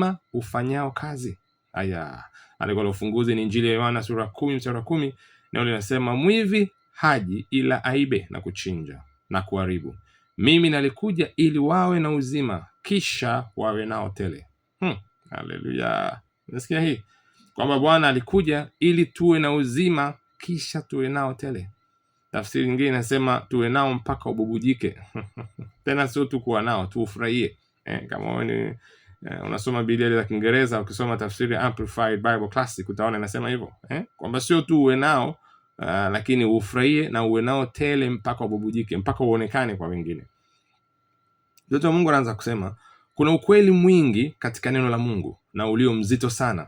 wema ufanyao kazi. Aya, andiko la ufunguzi ni Injili ya Yohana sura kumi mstari wa kumi nao linasema mwivi haji ila aibe na kuchinja na kuharibu, mimi nalikuja ili wawe na uzima kisha wawe nao tele. Hmm, haleluya! Nasikia hii kwamba Bwana alikuja ili tuwe na uzima kisha tuwe nao tele. Tafsiri nyingine inasema tuwe nao mpaka ububujike. Tena sio tu kuwa nao tuufurahie. Eh, kama wewe ni eh, unasoma bibilia za Kiingereza, ukisoma tafsiri Amplified Bible Classic utaona inasema hivyo eh, kwamba sio tu uwe nao uh, lakini ufurahie na uwe nao tele mpaka ububujike, mpaka uonekane kwa wengine. Mtoto wa Mungu anaanza kusema kuna ukweli mwingi katika neno la Mungu na ulio mzito sana,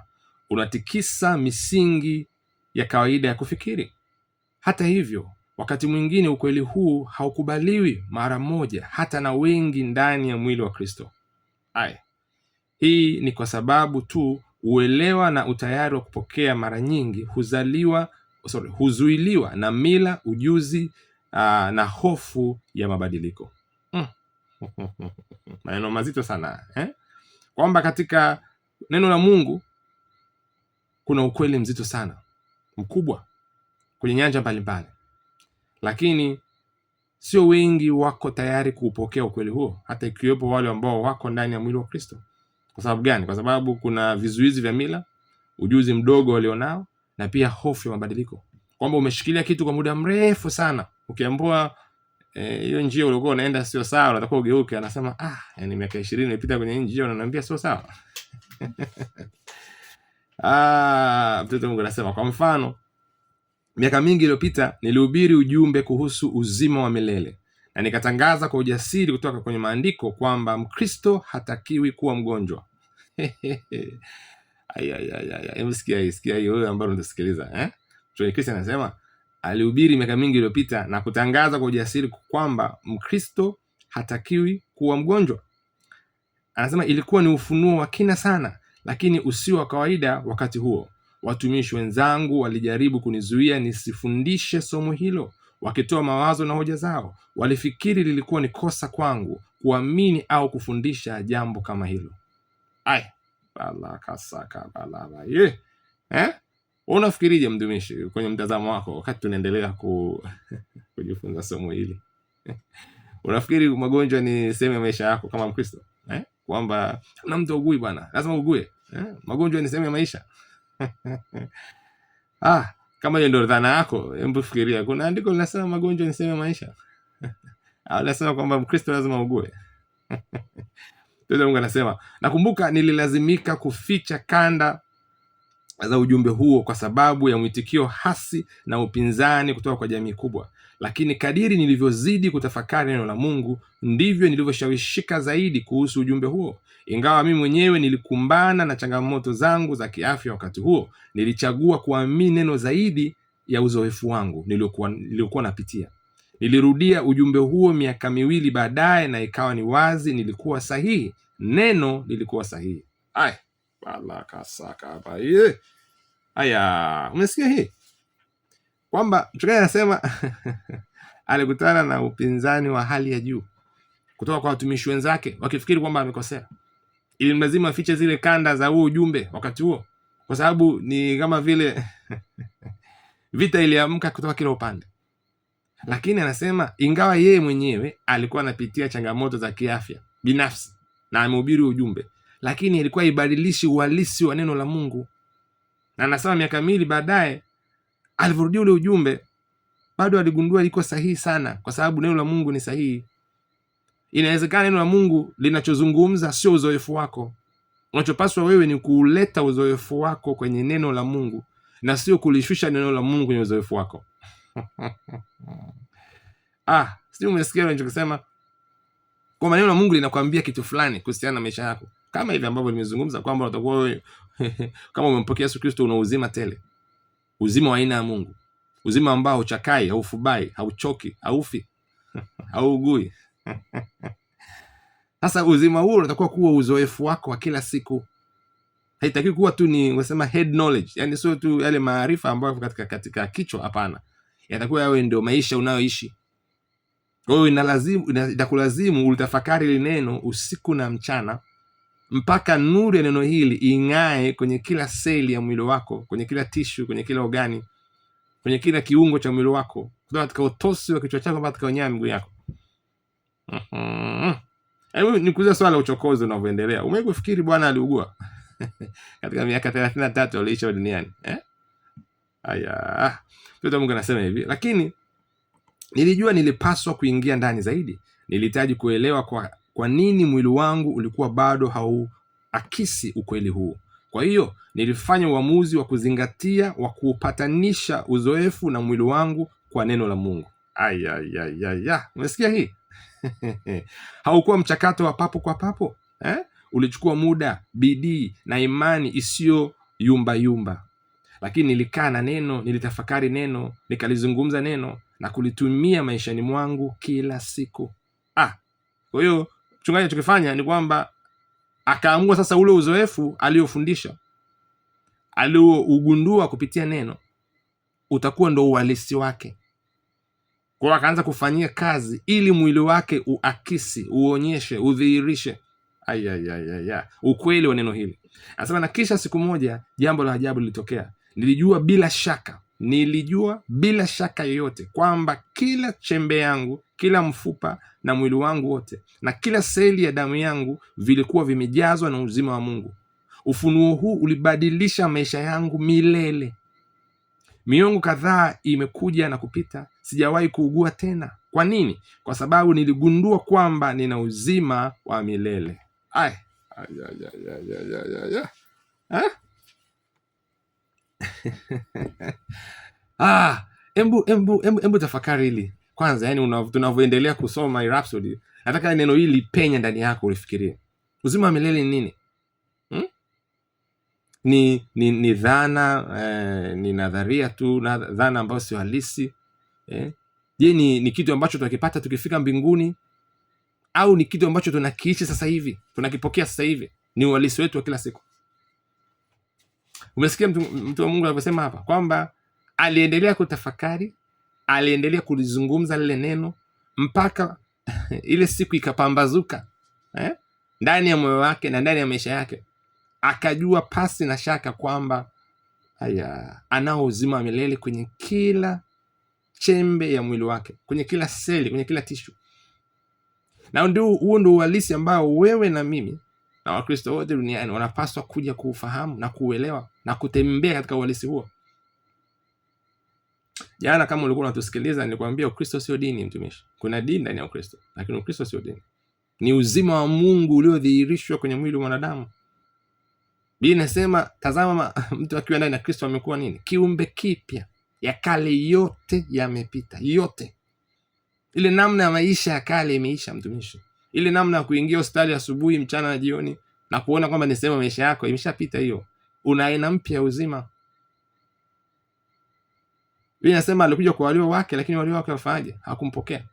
unatikisa misingi ya kawaida ya kufikiri. Hata hivyo, wakati mwingine ukweli huu haukubaliwi mara moja, hata na wengi ndani ya mwili wa Kristo. Aya. Hii ni kwa sababu tu uelewa na utayari wa kupokea mara nyingi huzaliwa sorry, huzuiliwa na mila, ujuzi uh, na hofu ya mabadiliko mm. maneno mazito sana eh? kwamba katika neno la Mungu kuna ukweli mzito sana mkubwa kwenye nyanja mbalimbali, lakini sio wengi wako tayari kuupokea ukweli huo, hata ikiwepo wale ambao wako ndani ya mwili wa Kristo. Kwa sababu gani? Kwa sababu kuna vizuizi vya mila, ujuzi mdogo walionao, na pia hofu ya mabadiliko, kwamba umeshikilia kitu kwa muda mrefu sana, ukiambua eh, hiyo e, njia uliokuwa unaenda sio sawa, unataka ugeuke, anasema ah, yani miaka ishirini imepita kwenye njia unaniambia sio sawa. Ah, mtoto Mungu anasema kwa mfano, miaka mingi iliyopita nilihubiri ujumbe kuhusu uzima wa milele na nikatangaza kwa ujasiri kutoka kwenye maandiko kwamba Mkristo hatakiwi kuwa mgonjwa. Sikia hii wewe ambayo unatusikiliza eh? Mchungaji anasema alihubiri miaka mingi iliyopita na kutangaza kwa ujasiri kwamba Mkristo hatakiwi kuwa mgonjwa. Anasema ilikuwa ni ufunuo wa kina sana, lakini usio wa kawaida wakati huo. Watumishi wenzangu walijaribu kunizuia nisifundishe somo hilo, wakitoa mawazo na hoja zao. Walifikiri lilikuwa ni kosa kwangu kuamini au kufundisha jambo kama hilo. Aya, eh? Unafikirije mdumishi kwenye mtazamo wako, wakati tunaendelea ku... kujifunza somo hili unafikiri magonjwa ni sehemu ya maisha yako kama Mkristo eh? kwamba na mtu augui bwana, lazima ugue eh? magonjwa ni sehemu ya maisha ah kama hiyo ndio dhana yako, hebu fikiria, kuna andiko linasema magonjwa ni sehemu ya maisha au ah, linasema kwamba Mkristo lazima augue? Mungu anasema, nakumbuka nililazimika kuficha kanda za ujumbe huo kwa sababu ya mwitikio hasi na upinzani kutoka kwa jamii kubwa lakini kadiri nilivyozidi kutafakari neno la Mungu ndivyo nilivyoshawishika zaidi kuhusu ujumbe huo. Ingawa mimi mwenyewe nilikumbana na changamoto zangu za kiafya wakati huo, nilichagua kuamini neno zaidi ya uzoefu wangu niliokuwa napitia. Nilirudia ujumbe huo miaka miwili baadaye, na ikawa ni wazi nilikuwa sahihi, neno lilikuwa sahihi. Ay, balakasakabaye. Aya, umesikia hii? kwamba Mchungaji anasema alikutana na upinzani wa hali ya juu kutoka kwa watumishi wenzake, wakifikiri kwamba amekosea, ili lazima afiche zile kanda za huo ujumbe wakati huo, kwa sababu ni kama vile vita iliamka kutoka kila upande. Lakini anasema ingawa yeye mwenyewe alikuwa anapitia changamoto za kiafya binafsi na amehubiri ujumbe, lakini ilikuwa ibadilishi uhalisi wa neno la Mungu, na anasema miaka miwili baadaye Alivyorudia ule ujumbe, bado aligundua liko sahihi sana, kwa sababu neno la Mungu ni sahihi. Inawezekana neno la Mungu linachozungumza sio uzoefu wako. Unachopaswa wewe ni kuuleta uzoefu wako kwenye neno la Mungu na sio kulishusha neno la Mungu kwenye uzoefu wako. Ah, si umesikia Kwa maana neno la Mungu linakwambia kitu fulani kuhusiana na maisha yako, kama hivi ambavyo nimezungumza kwamba utakuwa wewe kama umempokea Yesu Kristo una uzima tele uzima wa aina ya Mungu, uzima ambao hauchakai, haufubai, hauchoki, haufi, haugui. Sasa uzima huo unatakiwa kuwa uzoefu wako wa kila siku. Haitakiwi kuwa tu ni unasema head knowledge, yani sio tu yale maarifa ambayo katika, katika kichwa. Hapana, yatakuwa yawe ndio maisha unayoishi. Kwa hiyo inalazimu, itakulazimu ulitafakari ile neno usiku na mchana mpaka nuru ya neno hili ing'ae kwenye kila seli ya mwili wako, kwenye kila tishu, kwenye kila ogani, kwenye kila kiungo cha mwili wako, kutoka katika utosi wa kichwa chako mpaka katika unyaa miguu yako. Mm-hmm. Hebu nikuulize swala la uchokozi unavyoendelea. Umewahi kufikiri Bwana aliugua katika miaka thelathini na tatu aliisha duniani eh? Aya, mtoto Mungu anasema hivi, lakini nilijua nilipaswa kuingia ndani zaidi, nilihitaji kuelewa kwa kwa nini mwili wangu ulikuwa bado hauakisi ukweli huu? Kwa hiyo nilifanya uamuzi wa kuzingatia wa kuupatanisha uzoefu na mwili wangu kwa neno la Mungu. Ayayayaya, ah, umesikia hii? haukuwa mchakato wa papo kwa papo eh? Ulichukua muda, bidii na imani isiyo yumba yumba, lakini nilikaa na neno, nilitafakari neno, nikalizungumza neno na kulitumia maishani mwangu kila siku. Ah, kwa hiyo mchungaji alichokifanya ni kwamba akaamua sasa ule uzoefu aliofundisha aliougundua kupitia neno utakuwa ndo uhalisi wake kwao, akaanza kufanyia kazi ili mwili wake uakisi, uonyeshe, udhihirishe ukweli wa neno hili. Anasema na kisha siku moja jambo la ajabu lilitokea, nilijua bila shaka Nilijua bila shaka yoyote kwamba kila chembe yangu, kila mfupa na mwili wangu wote na kila seli ya damu yangu vilikuwa vimejazwa na uzima wa Mungu. Ufunuo huu ulibadilisha maisha yangu milele. Miongo kadhaa imekuja na kupita, sijawahi kuugua tena. Kwa nini? Kwa sababu niligundua kwamba nina uzima wa milele. Ay, ay, ay, ay, ay, ay, ay, ay. Ah, embu embu embu embu tafakari hili kwanza, yani tunavyoendelea kusoma Rhapsody, nataka neno hili penye ndani yako ulifikirie. Uzima wa milele ni nini? Hmm? Ni, ni ni dhana eh, ni nadharia tu na dhana ambayo sio halisi eh? Je, ni, ni kitu ambacho tunakipata tukifika mbinguni au ni kitu ambacho tunakiishi sasa hivi, tunakipokea sasa hivi? Ni uhalisi wetu wa kila siku. Umesikia mtu wa Mungu alivyosema hapa kwamba aliendelea kutafakari, aliendelea kulizungumza lile neno mpaka ile siku ikapambazuka eh, ndani ya moyo wake na ndani ya maisha yake, akajua pasi na shaka kwamba haya anao uzima wa milele kwenye kila chembe ya mwili wake, kwenye kila seli, kwenye kila tishu. Na ndio huo ndio uhalisi ambao wewe na mimi na Wakristo wote duniani wanapaswa kuja kuufahamu na kuuelewa na kutembea katika uhalisi huo. Jana kama ulikuwa unatusikiliza, nilikwambia Ukristo sio dini, mtumishi. Kuna dini ndani ya Ukristo, lakini Ukristo sio dini, ni uzima wa Mungu uliodhihirishwa kwenye mwili wa mwanadamu. Biblia inasema, tazama, mtu akiwa ndani ya Kristo amekuwa nini? Kiumbe kipya, ya kale yote yamepita, yote ile namna ya maisha ya kale imeisha, mtumishi ile namna ya kuingia hospitali asubuhi, mchana na jioni na kuona kwamba ni sehemu maisha yako imeshapita hiyo, una aina mpya ya uzima. Biblia inasema alikuja kwa walio wake, lakini walio wake wafanyaje? Hakumpokea,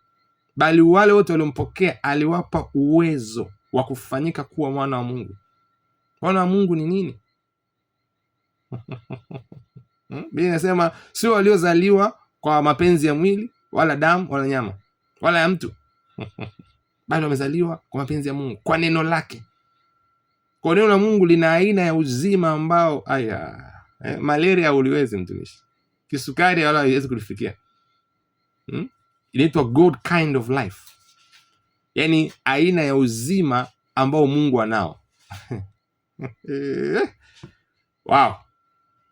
bali wale wote waliompokea aliwapa uwezo wa kufanyika kuwa mwana wa Mungu. Mwana wa Mungu ni nini? Hmm? Biblia inasema sio waliozaliwa kwa mapenzi ya mwili wala damu wala nyama wala ya mtu bado amezaliwa kwa mapenzi ya Mungu, kwa neno lake. Kwa neno la Mungu lina aina ya uzima ambao aya, eh, malaria uliwezi mtumishi, kisukari wala haiwezi kulifikia hmm? Inaitwa God kind of life, yaani aina ya uzima ambao Mungu anao eh, wow.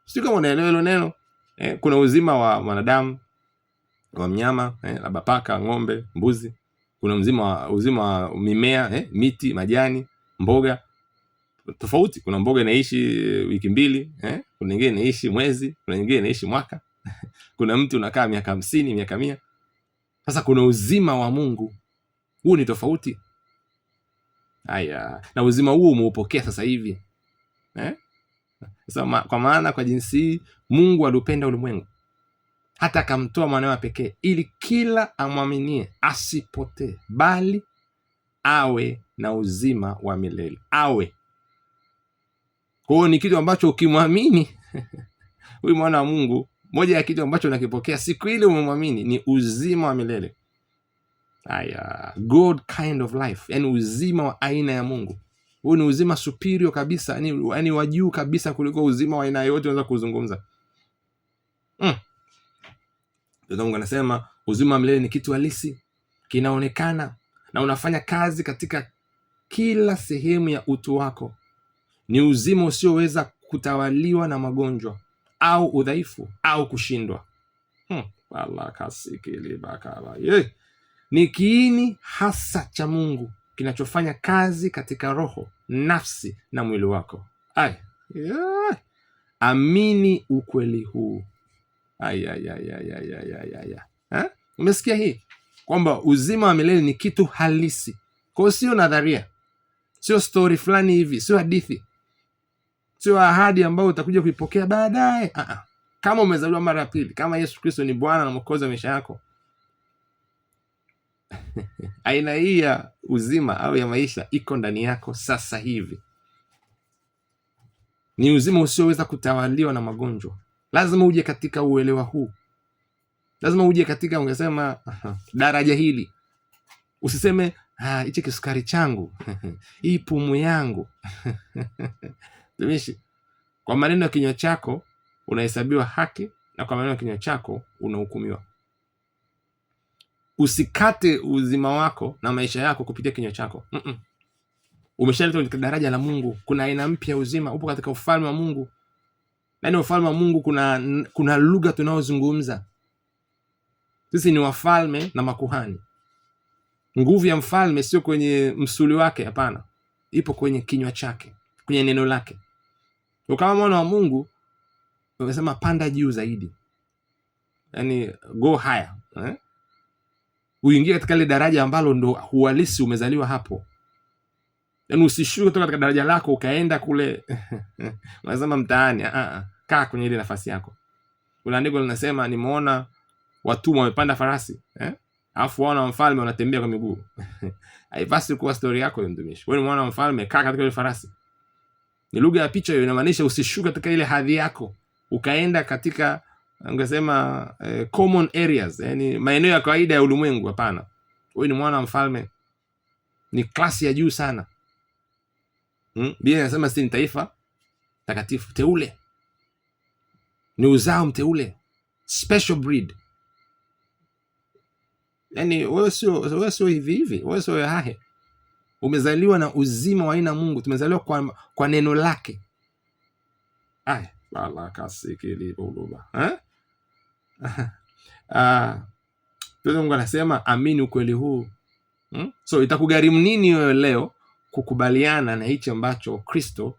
Sio kama unaelewa hilo neno eh, kuna uzima wa mwanadamu wa mnyama eh, labda paka, ng'ombe, mbuzi kuna mzima uzima wa mimea eh, miti, majani, mboga tofauti. Kuna mboga inaishi eh, wiki mbili eh, kuna nyingine inaishi mwezi, kuna nyingine inaishi mwaka kuna mti unakaa miaka hamsini, miaka mia. Sasa kuna uzima wa Mungu, huu ni tofauti. Haya, na uzima huu umeupokea sasa hivi eh? Sasa, kwa maana kwa jinsi hii Mungu aliupenda ulimwengu hata akamtoa mwanawe pekee, ili kila amwaminie asipotee, bali awe na uzima wa milele awe. Kwa ni kitu ambacho ukimwamini huyu mwana wa Mungu, moja ya kitu ambacho unakipokea siku ile umemwamini ni uzima wa milele haya, kind of life, yani uzima wa aina ya Mungu. Huu ni uzima superior kabisa, yani wa juu kabisa kuliko uzima wa aina yoyote unaweza kuzungumza mm. Ndugu anasema uzima wa milele ni kitu halisi, kinaonekana na unafanya kazi katika kila sehemu ya utu wako. Ni uzima usioweza kutawaliwa na magonjwa au udhaifu au kushindwa. Hmm. Ni kiini hasa cha Mungu kinachofanya kazi katika roho, nafsi na mwili wako. Ay. Yeah. Amini ukweli huu. Umesikia hii kwamba uzima wa milele ni kitu halisi, kwa hiyo sio nadharia, sio stori fulani hivi, sio hadithi, sio ahadi ambayo utakuja kuipokea baadaye. Ah, ah. Kama umezaliwa mara ya pili, kama Yesu Kristo ni Bwana na Mwokozi wa maisha yako aina hii ya uzima au ya maisha iko ndani yako sasa hivi. Ni uzima usioweza kutawaliwa na magonjwa lazima uje katika uelewa huu, lazima uje katika ungesema daraja hili. Usiseme ah, hichi kisukari changu hii pumu yangu tumishi. Kwa maneno ya kinywa chako unahesabiwa haki na kwa maneno ya kinywa chako unahukumiwa. Usikate uzima wako na maisha yako kupitia kinywa chako. mm -mm. Umeshaletwa katika daraja la Mungu, kuna aina mpya ya uzima, upo katika ufalme wa Mungu ndani ya ufalme wa Mungu kuna, kuna lugha tunayozungumza sisi. Ni wafalme na makuhani. Nguvu ya mfalme sio kwenye msuli wake, hapana, ipo kwenye kinywa chake, kwenye neno lake. Kama mwana wa Mungu amesema panda juu zaidi, yani go haya eh? Uingie katika ile daraja ambalo ndo huhalisi umezaliwa hapo, yani usishuke kutoka katika daraja lako ukaenda kule unasema mtaani. Ah, ah, ah kaa kwenye ile nafasi yako. Kuna andiko linasema nimeona watumwa wamepanda farasi eh? Alafu wana wa mfalme wanatembea kwa miguu haipasi kuwa stori yako, ile mtumishi. Wewe ni mwana wa mfalme, kaa katika ile farasi. Ni lugha ya picha hiyo, inamaanisha usishuke katika ile hadhi yako ukaenda katika ungesema eh, common areas, yani eh, maeneo ya kawaida ya ulimwengu. Hapana, wewe ni mwana wa mfalme, ni klasi ya juu sana. Hmm? Biblia inasema sisi ni taifa takatifu teule ni uzao mteule, special breed. Yani wewe sio wewe sio hivi hivi, wewe sio yahahe, umezaliwa na uzima wa aina Mungu. Tumezaliwa kwa, kwa neno lake Ay, eh? ah, Mungu anasema amini ukweli huu hmm? So itakugharimu nini wewe leo kukubaliana na hichi ambacho Kristo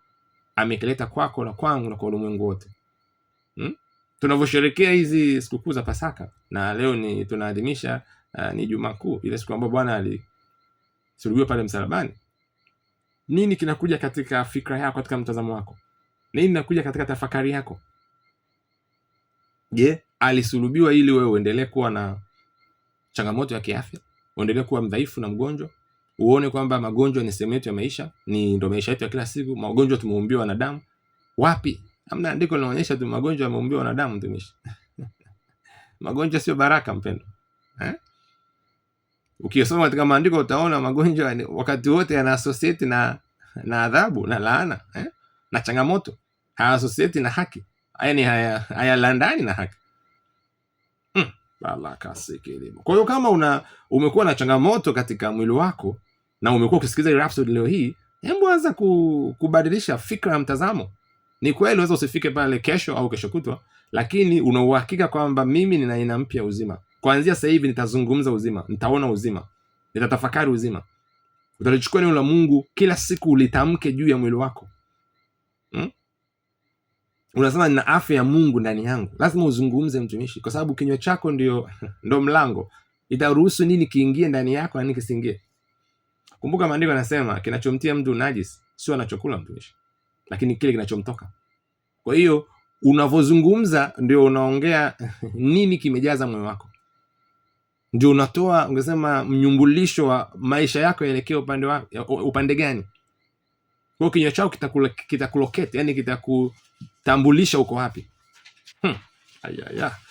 amekileta kwako na kwangu na kwa ulimwengu wote? hmm? Tunavyosherekea hizi sikukuu za Pasaka na leo ni tunaadhimisha uh, ni Juma Kuu, ile siku ambayo Bwana alisulubiwa pale msalabani. Nini kinakuja katika fikra yako, katika mtazamo wako? Nini inakuja katika tafakari yako? Je, alisulubiwa ili wewe uendelee kuwa na changamoto ya kiafya, uendelee kuwa mdhaifu na mgonjwa, uone kwamba magonjwa ni sehemu yetu ya maisha, ni ndo maisha yetu ya kila siku. Magonjwa tumeumbiwa wanadamu. Wapi Amna andiko linaonyesha tu magonjwa yameumbiwa wanadamu tumishi. Magonjwa sio baraka mpendo. Eh? Ukisoma katika maandiko utaona magonjwa ni wakati wote yana associate na na adhabu na laana eh? na changamoto. Haya associate na haki. Haya ni haya haya landani na haki. Mm. Bala kasikilimo. Kwa hiyo kama una umekuwa na changamoto katika mwili wako na umekuwa ukisikiliza Rhapsody leo hii, hebu anza kubadilisha fikra na mtazamo. Ni kweli unaweza usifike pale kesho au kesho kutwa, lakini una uhakika kwamba mimi nina aina mpya uzima. kwanzia sasa hivi nitazungumza uzima, nitaona uzima, nitatafakari uzima. Utalichukua neno la Mungu kila siku ulitamke juu ya mwili wako hmm? Unasema nina afya ya Mungu ndani yangu. Lazima uzungumze mtumishi, kwa sababu kinywa chako ndio ndo mlango. Itaruhusu nini kiingie ndani yako na nini kisiingie? Kumbuka maandiko yanasema kinachomtia mtu unajisi sio anachokula mtumishi lakini kile kinachomtoka. Kwa hiyo unavyozungumza ndio unaongea nini kimejaza moyo wako, ndio unatoa ungesema mnyumbulisho wa maisha yako yaelekea upande wa, upande gani. Kwa hiyo kinywa chako kitakuloketi, kita yani kitakutambulisha uko wapi. Hmm. Ayaya.